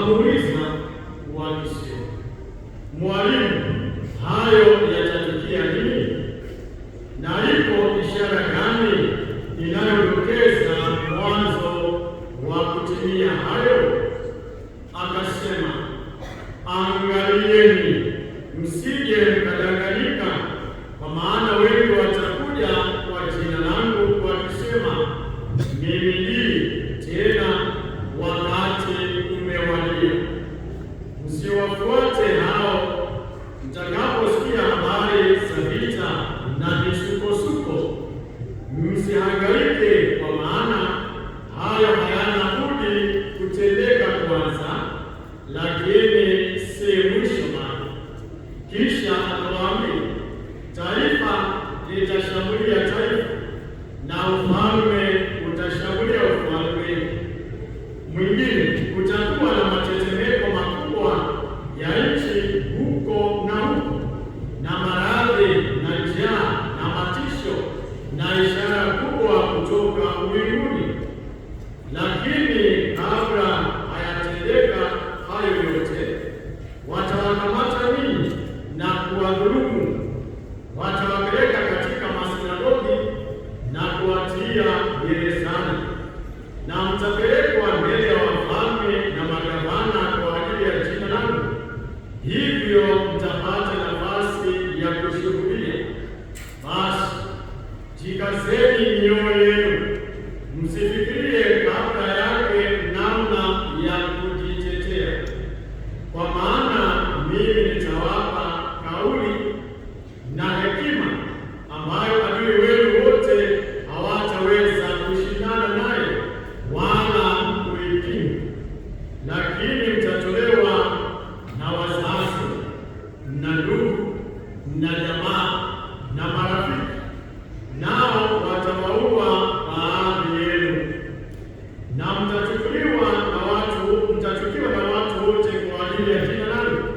Akamuuliza uwalisi, Mwalimu, hayo yatatukia nini? Na ipo ishara gani inayodokeza mwanzo wa kutimia hayo? Akasema, angalieni msije mkadanganyika, kwa maana behind Goat. msifikirie kabla yake namna ya kujitetea, kwa maana mimi nitawapa kauli na hekima ambayo adui wenu wote hawataweza kushindana naye wala kuipinga, lakini mtatolewa na wazazi na ndugu na jamaa na marafiki na na watu, mtachukiwa na watu wote kwa ajili ya jina langu,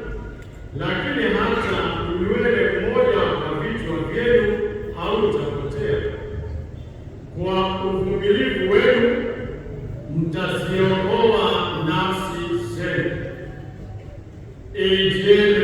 lakini hata unywele mmoja wa vichwa vyenu hautapotea. Kwa uvumilivu wenu mtaziokoa nafsi zenu.